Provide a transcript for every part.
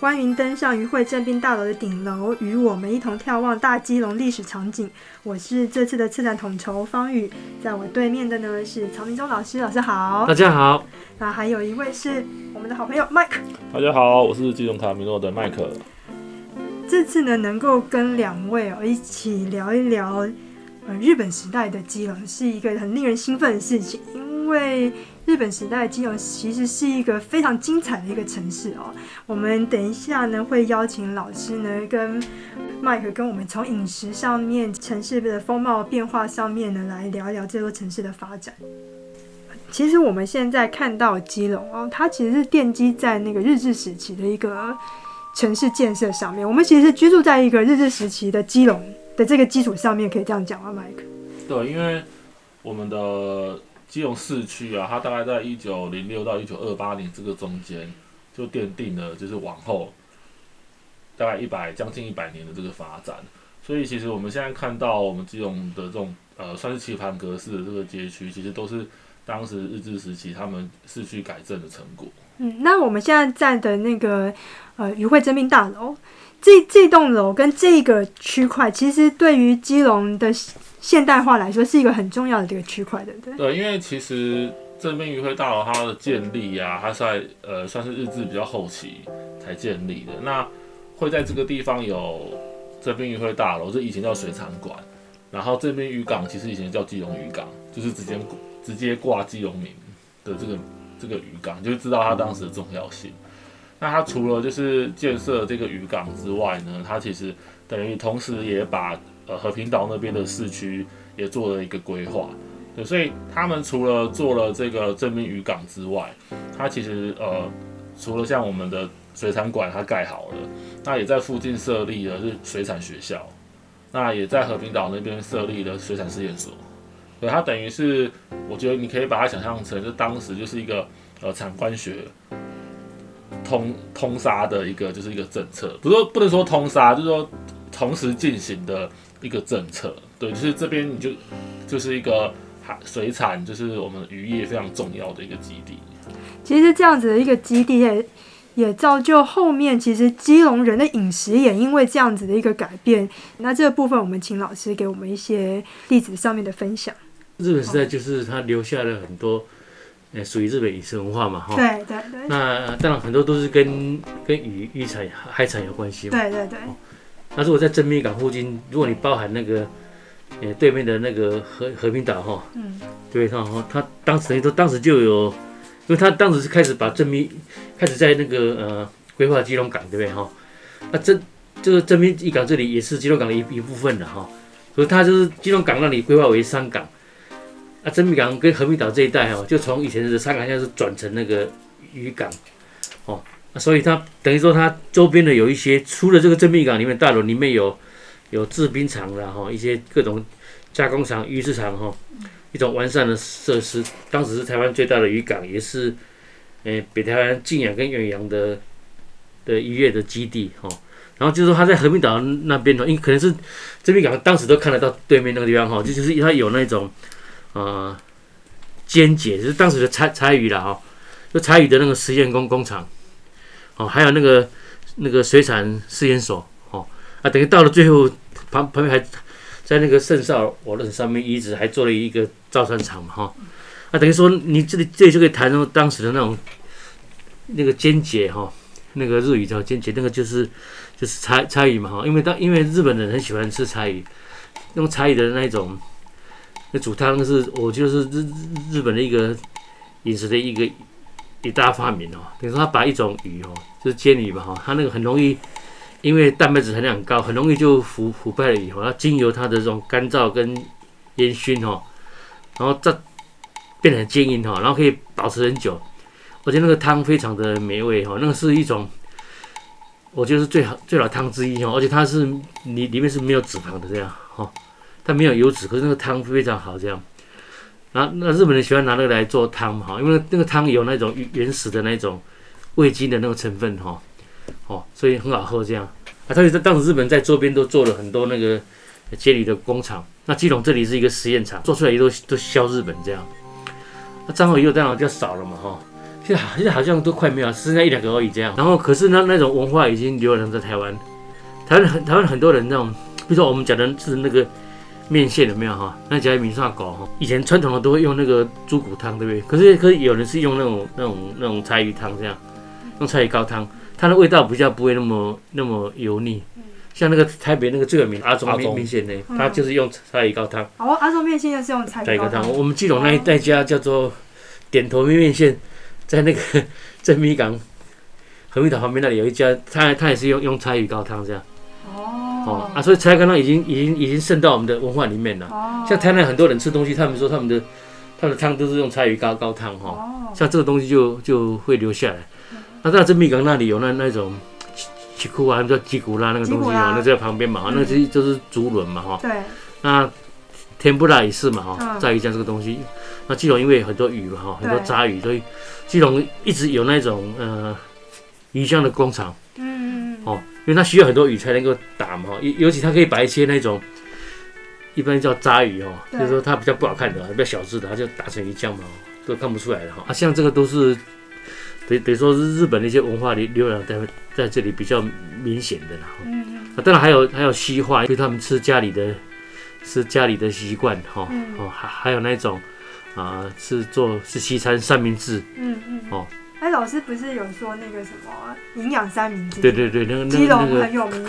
歡迎登上漁會正濱大樓的頂樓，與我們一同眺望大基隆歷史場景。我是這次的策展統籌方宇，在我對面的呢是曹銘宗老師，老師好，大家好。那還有一位是我們的好朋友 Mike，大家好，我是雞籠卡米諾的 Mike。這次呢，能夠跟兩位、哦、一起聊一聊、呃、日本時代的基隆，是一個很令人興奮的事情，因為。日本時代基隆其實是一個非常精彩的一個城市哦、喔。我們等一下呢會邀請老師呢跟麥克跟我們從飲食上面，城市的風貌的變化上面呢來聊一聊這座城市的發展。其實我們現在看到的基隆哦，它其實是奠基在那個日治時期的一個、啊、城市建設上面。我們其實是居住在一個日治時期的基隆的這個基礎上面，可以這樣講啊，麥克？對，因為我們的。基隆市區啊，它大概在一九零六到一九二八年這個中間，就奠定了就是往後大概一百將近一百年的這個發展。所以其實我們現在看到我們基隆的這種呃，算是棋盤格式的這個街區，其實都是。當時日治時期，他們市區改正的成果。嗯，那我們現在站的那個呃，漁會正濱大樓，這這棟樓跟這個區塊，其實對於基隆的現代化來說，是一個很重要的這個區塊，對不對？對，因為其實正濱漁會大樓它的建立呀、啊，它算呃算是日治比較後期才建立的。那會在這個地方有這邊漁會大樓，就以前叫水產館，然後這邊漁港其實以前叫基隆漁港，就是直接。直接掛基隆名的這個這個漁港，就知道它當時的重要性。那它除了就是建設這個漁港之外呢，它其實等於同時也把呃和平島那邊的市區也做了一個規劃。對，所以他們除了做了這個正濱漁港之外，它其實呃除了像我們的水產館它蓋好了，那也在附近設立了是水產學校，那也在和平島那邊設立了水產試驗所。對，它，等於是，我覺得你可以把它想象成，就當時就是一個呃，產官學通通殺的一個，就是一個政策，不是說不能說通殺，就是說同時進行的一個政策。對，就是這邊你就就是一個海水產，就是我們漁業非常重要的一個基地。其實這樣子的一個基地也也造就後面其實基隆人的飲食也因為這樣子的一個改變。那這個部分，我們請老師給我們一些例子上面的分享。日本時代就是他留下了很多，呃，屬於日本飲食文化嘛，哈。對對對。那當然很多都是跟跟漁漁產海產有關係嘛。對對對。那如果在正濱港附近，如果你包含那個，呃，對面的那個和和平島哈，嗯，對哈，他當時都當時就有，因為他當時是開始把正濱開始在那個呃規劃基隆港，對不對哈？那、啊、正就是正濱漁港這裡也是基隆港的一一部分的哈，所以它就是基隆港那裡規劃為商港。啊，正濱港跟和平島這一帶哦，就從以前的香港，現在是轉成那個漁港，哦、啊、所以它等於說它周邊的有一些，除了這個正濱港裡面大樓裡面有有製冰廠的哈，一些各種加工廠、魚市場哈、哦，一種完善的設施。當時是台灣最大的漁港，也是誒、欸、北台灣近洋跟遠洋的的漁業的基地哈、哦。然後就是說它在和平島那邊呢，因可能是正濱港當時都看得到對面那個地方哈，就、哦、就是它有那種。呃，鰹節就是當時的柴柴魚了哈、哦，就柴魚的那個實驗工工廠，哦，還有那個那個水產試驗所，哦，啊，等於到了最後，旁旁邊還在那個聖薩爾瓦多上面遺址還做了一個造船廠嘛哈，啊，等於說你這裡這裡就可以談到當時的那種那個鰹節哈、哦，那個日語叫鰹節，那個就是就是柴柴魚嘛哈，因為當因為日本人很喜歡吃柴魚，用柴魚的那一種。那煮湯是我就是日日日本的一個飲食的一個一大發明哦。比如說他把一種魚哦，就是煎魚吧哈，它那個很容易，因為蛋白質含量很高，很容易就腐腐敗了以後，它經由它的這種乾燥跟煙熏哈，然後再變成堅硬哈，然後可以保持很久。而且那個湯非常的美味哈，那個是一種我覺得是最好最好湯之一哦，而且它是裡裡面是沒有脂肪的這樣哈。它沒有油脂，可是那個湯非常好，這樣，那那日本人喜歡拿那個來做湯嘛，因為那個湯有那種原始的那種味精的那個成分哈，哦，所以很好喝這樣啊。他有在當時日本在周邊都做了很多那個街裡的工廠，那基隆這裡是一個實驗場，做出來也都都銷日本這樣。那、啊、章魚又當然就少了嘛哈，現在現在好像都快沒有，剩下一兩個而已這樣。然後可是那那種文化已經流傳在台灣，台灣很台灣很多人那種，比如說我們講的是那個。麵線有沒有哈？那家名涮狗哈，以前傳統的都會用那個豬骨湯，對不對？可是可是有人是用那種那種那種柴魚湯這樣，用柴魚高湯，它的味道比較不會那麼那麼油膩。像那個台北那個最有名的阿宗麵公線呢，它就是用柴魚高湯。嗯、它湯哦，阿宗麵線就是用柴魚高湯。我們記得那那家叫做點頭麵麵線，在那個在米港紅米島旁邊那裡有一家，他他也是用用柴魚高湯這樣。哦。哦啊，所以柴魚湯已經已經已經滲到我們的文化裡面了。哦、像台南很多人吃東西，他們說他們的他的湯都是用柴魚高高湯哈。哦，哦像這個東西就就會留下來。那在鎮密港那裡有那那種吉吉庫啊，他們叫吉古拉那個東西個嘛，嗯、那在旁邊嘛，那些就是竹輪嘛哈。對。那甜不辣也是嘛哈，在一下這個東西。那基隆因為很多魚嘛哈，很多雜魚，對所以基隆一直有那種呃魚漿的工廠。因為它需要很多魚才能夠打嘛，尤尤其它可以把一些那種，一般叫渣魚哦、喔，對就是說它比較不好看的、啊，比較小隻的、啊，它就打成魚漿嘛，都看不出來的哈、喔。啊，像這個都是，比比如說日本的一些文化流流傳在這裡比較明顯的啦。嗯嗯。當然還有還有西化，因為他們吃家裡的吃家裡的習慣哈，哦、嗯，還還有那種啊、呃，是做是西餐三明治。嗯嗯。哦、喔。老師不是有說那個什麼營養三明治？對對對，那個基隆很有名。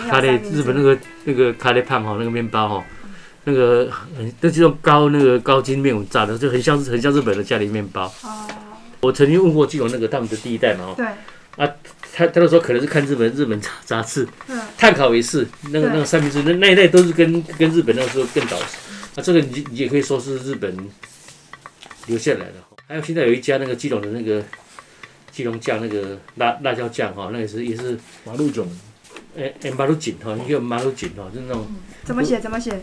日本那個那個咖喱胖哈，那個麵包哈，那個那這種高那個高筋麵粉炸的，就很像是很像日本的家裡面包。哦，我曾經問過基隆那個他們的第一代嘛，對，啊，他他都說可能是看日本日本雜雜誌，嗯，碳烤一次那個那個三明治，那那一代都是跟跟日本那時候更早，啊，這個你你也可以說是日本留下來的。還有現在有一家那個基隆的那個。基隆醬那個辣辣椒醬哈，那個是也是馬路錦，哎，馬路錦哈，一馬路錦哈，就是那種怎麼寫怎麼寫？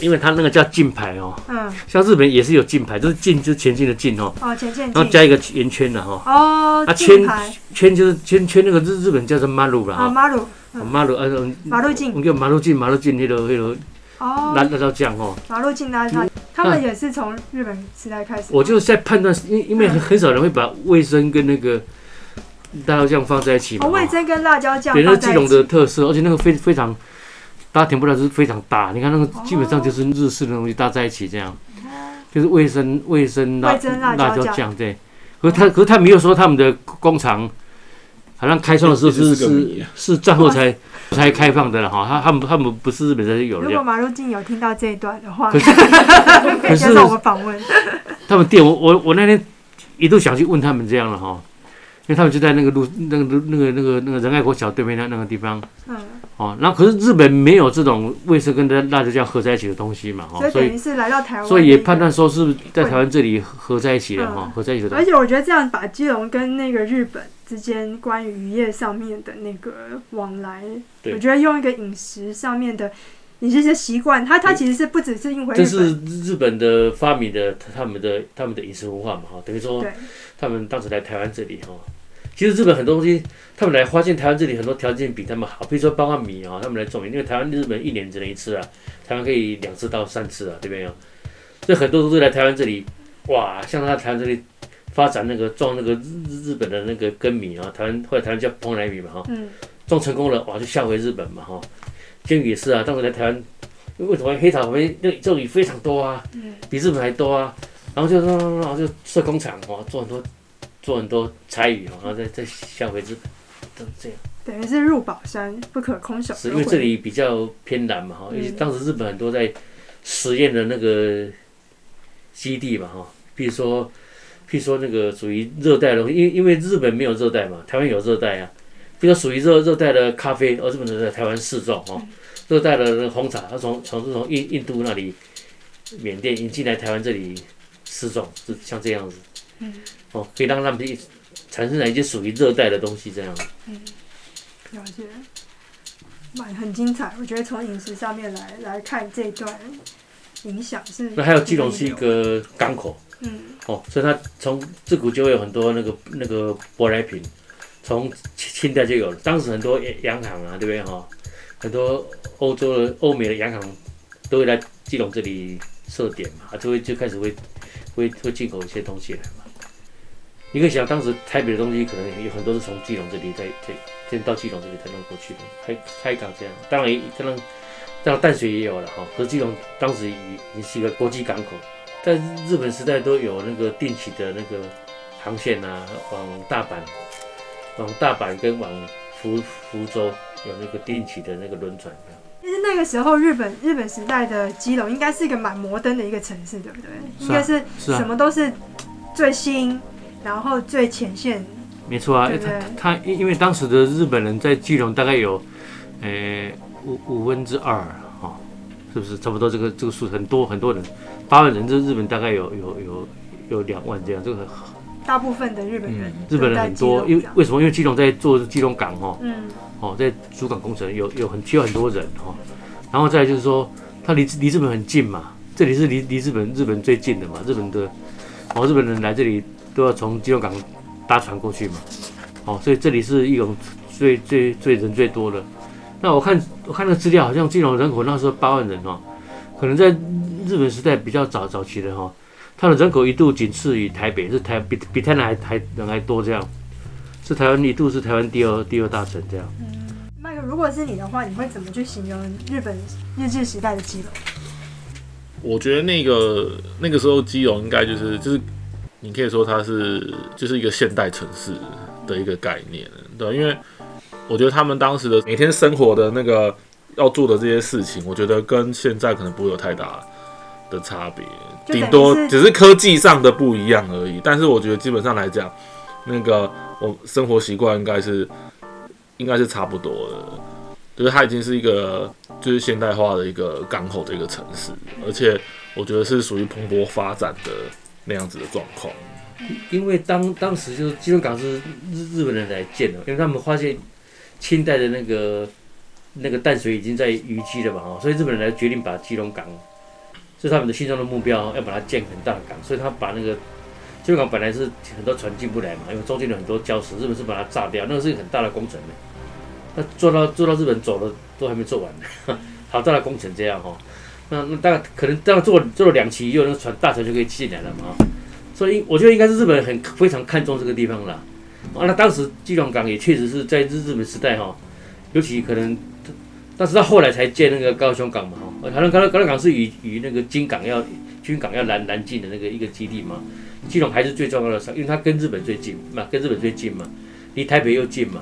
因為它那個叫錦牌哦，嗯，像日本也是有錦牌，就是進就前進的進哦，前進，然後加一個圓圈的哈，哦，它圈圈就是圈圈那個日日本叫做馬路吧，啊，馬路，馬路，呃，馬路錦，我們叫馬路錦，馬路錦那個那個，那那醬哈，馬路錦他們也是從日本時代開始，啊。我就是在判斷，因因為很少人會把味噌跟那個辣椒醬放、哦、放在一起。哦、味噌跟辣椒醬。那是這種的特色，而且那個非非常，大家聽不出就是非常大。你看那個基本上就是日式的東西搭在一起這樣，哦、就是味噌味噌辣辣椒醬對。可是他、哦、可是他沒有說他們的工廠。好像開創的時候是是是戰後才才開放的了哈，他他們他們不是日本人有。如果馬路靜有聽到這一段的話，可是接受我訪問，他們店，我我我那天一度想去問他們這樣了哈，因為他們就在那個路那個那個那個那個仁愛國橋對面那那個地方。嗯。哦，那可是日本沒有這種味噌跟辣椒醬合在一起的東西嘛，哈，所以是來到台灣，所以也判斷說是在台灣這裡合在一起的哈，合在一起的。而且我覺得這樣把基隆跟那個日本，之間關於漁業上面的那個往來，我覺得用一個飲食上面的飲食習慣，它它其實是不只是因為、欸、這是日本的發明的，他的，他們的他們的飲食文化嘛哈，等於說他們當時來台灣這裡哈，其實日本很多東西他們來發現台灣這裡很多條件比他們好，比如說包括米啊、喔，他們來種米因為台灣日本一年只能一次啊，台灣可以兩次到三次啊，對不對？所以很多都來台灣這裡，哇，像他台灣這裡。發展那個種那個日日本的那個粳米啊，台灣後來台灣叫蓬萊米嘛哈，哦嗯、種成功了哇，就下回日本嘛哈、哦。鰹魚也是啊，當時在台灣，因為什麼黑潮那邊、個、那魚非常多啊？嗯、比日本還多啊，然後就說然後就就設工廠哇、哦，做很多做很多柴魚、啊，然後再再下回日本，就這樣。等於是入寶山不可空手。是因為這裡比較偏南嘛哈，因、哦、為、嗯、當時日本很多在實驗的那個基地嘛哈，比、哦、如說。譬如說那個屬於熱帶的東西，因因為日本沒有熱帶嘛，台灣有熱帶啊。譬如說屬於熱熱帶的咖啡，而日本人在台灣試種哈。哦、嗯、熱帶的紅茶，它從從從印印度那裡、緬甸引進來台灣這裡試種，就像這樣子。嗯。哦，可以讓他們產生一些屬於熱帶的東西這樣子。嗯，了解。哇，很精彩，我覺得從飲食上面來來看這段影響是，是。那還有基隆是一個港口。嗯，哦，所以它從自古就有很多那個那個舶來品，從清代就有了。當時很多洋洋行啊，對不對哈？很多歐洲的、歐美的洋行都會來基隆這裡設點嘛，啊，就會就開始會會會進口一些東西來嘛。你可以想，當時台北的東西可能有很多是從基隆這裡再再再到基隆這裡才弄過去的，還開港這樣。當然可能像淡水也有了哈，可是基隆當時已已是一個國際港口。在日本時代都有那個定期的那個航線啊，往大阪、往大阪跟往福福州有那個定期的那個輪船啊。其實那個時候，日本日本時代的基隆應該是一個蠻摩登的一個城市，對不對？是啊、是啊，應該是什麼都是最新，然後最前線。沒錯啊，他他因因為當時的日本人在基隆大概有，呃、欸，五五分之二啊，哦，是不是差不多，這個？這個這個數很多很多人。八萬人，這日本大概有有有有兩萬這樣，這個很大部分的日本人，嗯，日本人很多，因為為什麼？因為基隆在做基隆港哦，嗯、哦，在主港工程有有很需要很多人哦。然後再就是說，它離離日本很近嘛，這裡是離離日本日本最近的嘛，日本的哦，日本人來這裡都要從基隆港搭船過去嘛，哦，所以這裡是基隆最最最人最多的。那我看我看那個資料，好像基隆人口那時候八萬人哦，可能在。日本時代比較早早期的哈，它的人口一度僅次於台北，是台比比台南還還人還多這樣，是台灣一度是台灣第二第二大城這樣。那個、嗯、麥克、如果是你的話，你會怎麼去形容日本日治時代的基隆？我覺得那個那個時候基隆應該就是就是，就是、你可以說它是就是一個現代城市的一個概念，嗯、對，因為我覺得他們當時的每天生活的那個要做的這些事情，我覺得跟現在可能不會有太大了。的差別，頂多只是科技上的不一樣而已。但是我覺得基本上來講，那個我生活習慣應該是應該是差不多的。就是它已經是一個就是現代化的一個港口的一個城市，而且我覺得是屬於蓬勃發展的那樣子的狀況。因為當當時就是基隆港是日日本人來建的，因為他們發現清代的那個那個淡水已經在淤積了嘛，哦，所以日本人來決定把基隆港。就是他們的心中的目標，要把它建很大的港，所以他把那個基隆港本來是很多船進不來嘛，因為中間有很多礁石，日本是把它炸掉，那個是一個很大的工程呢。那做到做到日本走了都還沒做完呢，好大的工程這樣哦、喔，那那大概可能當，但是做做了兩期以後，又那船大船就可以進來了嘛。所以我覺得應該是日本很非常看重這個地方了。啊，那當時基隆港也確實是在日日本時代哈、喔，尤其可能，但是到後來才建那個高雄港嘛。呃，台灣高南、高南港是與與那個軍港要軍港要南南進的那個一個基地嘛，基隆還是最重要的，因為它跟日本最近嘛，跟日本最近嘛，離台北又近嘛。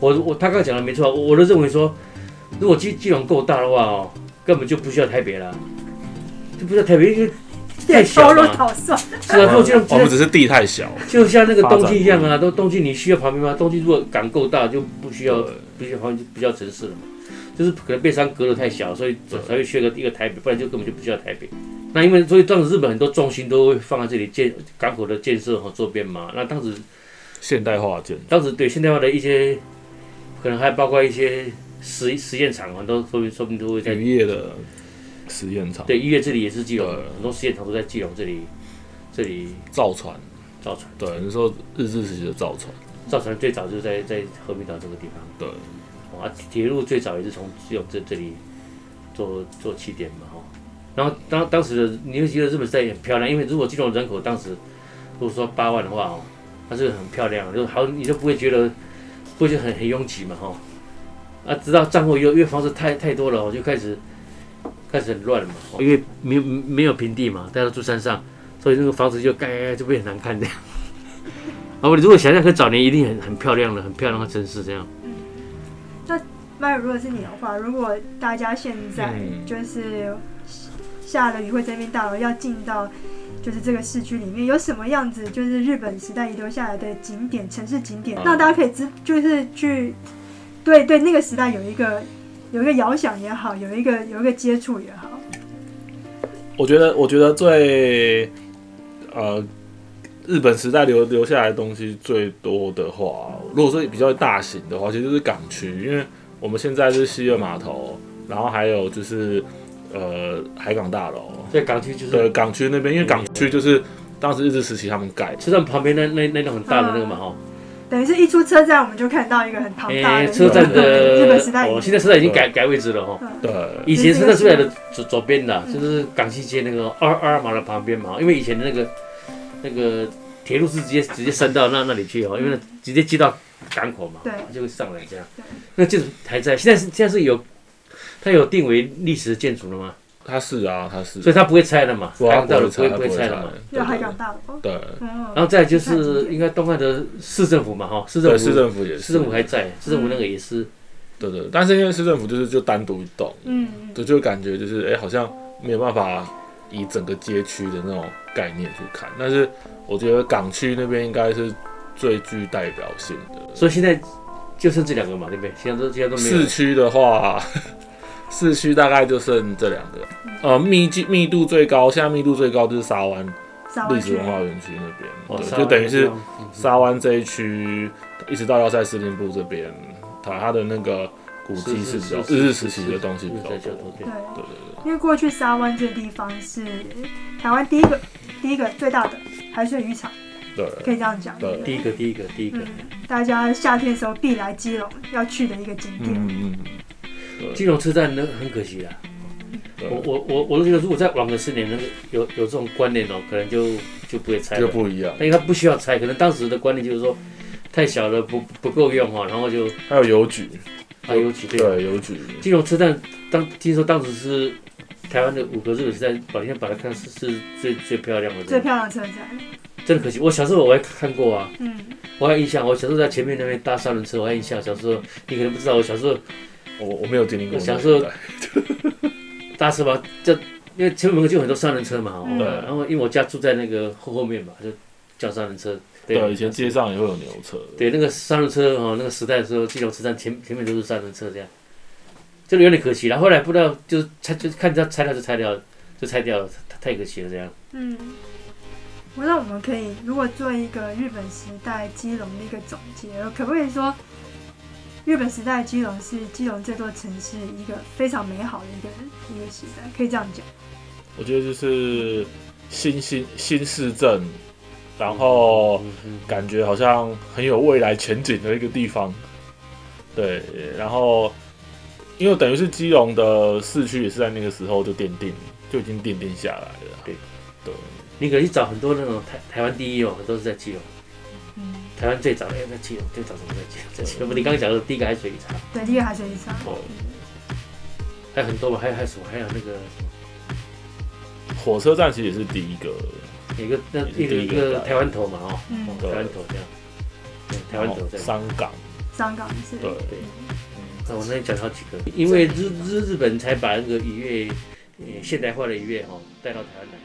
我我他剛講的沒錯，我都認為說，如果基基隆夠大的話哦，根本就不需要台北了，就不需要台北，因為太小了。是啊，然後、啊實啊、我們只是地太小，就像那個東京一樣啊，都東京你需要旁邊嗎？東京如果港夠大就不需要，對不需要旁，不需要城市了。嘛。就是可能被山隔得太小，所以才會缺個一個台北，對不然就根本就不需要台北。那因為所以當時日本很多重心都會放在這裡建港口的建設和周邊嘛。那當時現代化建，當時對現代化的一些可能還包括一些實實驗場啊，都說明說明都會在。漁業的實驗場。對漁業這裡也是基隆，對很多實驗場都在基隆這裡這裡。造船，造船。對，你說日治時期的造船，造船最早就是在在和平島這個地方。對。啊，鐵路最早也是從就這這裡做做起點嘛，哈。然後當當時的你會覺得日本在很漂亮，因為如果這種人口當時如果說八萬的話哦，它是很漂亮，就好你就不會覺得過去很很擁擠嘛，哈。啊，直到戰後，因為因為房子太太多了，我就開始開始很亂嘛，因為沒有沒有平地嘛，大家都住山上，所以那個房子就蓋蓋蓋，就會很難看這樣。啊，我如果想想，可早年一定很很漂亮了，很漂亮的城市這樣。那如果是你的話，如果大家現在就是下了雨會這邊大樓要進到，就是這個市區裡面有什麼樣子，就是日本時代遺留下來的景點、城市景點，那大家可以知就是去，對對，那個時代有一個有一個遙想也好，有一個有一個接觸也好。我覺得，我覺得最，呃，日本時代留留下來的東西最多的話，如果說比較大型的話，其實就是港區，因為。我們現在是西二碼頭，然後還有就是，呃，海港大樓。在港區就是。對，港區那邊，因為港區就是當時日治時期他們蓋車站旁邊那那那棟很大的那個嘛，哈。等於是一出車站我們就看到一個很龐大的車站的日本時代。哦，現在車站已經改改位置了哈。對。以前是站出來的左左邊的，就是港西街那個二二碼的旁邊嘛，因為以前的那個那個鐵路是直接直接伸到那那裡去哦，因為直接接到。港口嘛，對，對，就會上來這樣，對對 那就是還在。現在是現在是有，它有定為歷史建築了嗎？它是啊，它是，所以它不會拆的嘛，海港大樓不會拆了嘛，對，還長大哦。對，對對 然後再就是應該東岸的市政府嘛，哈，市政府市政府也，市政府還在，市政府那個也是，嗯、對對，對。但是因為市政府就是就單獨一棟，嗯，對，就感覺就是哎、欸，好像沒有辦法以整個街區的那種概念去看。但是我覺得港區那邊應該是。最具代表性的，所以現在就剩這兩個嘛，對不對？其他都其他都沒有。市區的話，市區大概就剩這兩個，呃、嗯，密集密度最高，現在密度最高就是沙灣歷史文化園區那邊，對，就等於是沙灣這一區，嗯、哼一直到要塞司令部這邊，它它的那個古蹟是比較是是是是是日日時期的東西比較多。對對對，因為過去沙灣這地方是台灣第一個、第一個最大的海水浴場。可以這樣講。第一個，第一個，第一個，大家夏天時候必來基隆要去的一個景點。嗯嗯嗯。基隆車站那很可惜啦，我我我我都覺得，如果再晚個十年，那個有有這種觀念哦，可能就就不會拆了。就不一樣。因為它不需要拆，可能當時的觀念就是說太小了，不不夠用哈，然後就還有郵局，還有郵局對，郵局。基隆車站當聽說當時是台灣的五個日本車站，保天把它看是是最最漂亮的，最漂亮車站。真的可惜，我小時候我還看過啊，我還印象，我小時候在前面那邊搭三輪車，我還印象。小時候你可能不知道，我小時候我我沒有經歷過，小時候搭 車吧，就因為前面就很多三輪車嘛，然後因為我家住在那個後後面嘛，就叫三輪車。對，以前街上也會有牛車。對，那個三輪車哈、喔，那個時代的時候，基隆車站前前面都是三輪車這樣，真的有點可惜了。後來不知道就拆就看它拆掉就拆掉就拆掉了，太，太可惜了這樣。嗯那我們可以，如果做一個日本時代基隆的一個總結，可不可以說日本時代基隆是基隆這座城市一個非常美好的一個一個時代？可以這樣講？我覺得就是新新新市鎮，然後感覺好像很有未來前景的一個地方。對，然後因為等於是基隆的市區也是在那個時候就奠定，就已經奠定下來了。對，對。你可以找很多那種台台灣第一哦，都是在基隆。台灣最早也在基隆，最早都在基隆。要不你剛剛講的第一個海水浴場，對，第一個海水浴場。對，還有很多嘛，還有還有什麼？還有那個火車站其實也是第一個。有一個那一個台灣頭嘛，哦，台灣頭這樣。對，台灣頭。三港。三港是。對對。嗯，我那天講好幾個，因為日日日本才把那個漁業，現代化的漁業哦，帶到台灣來。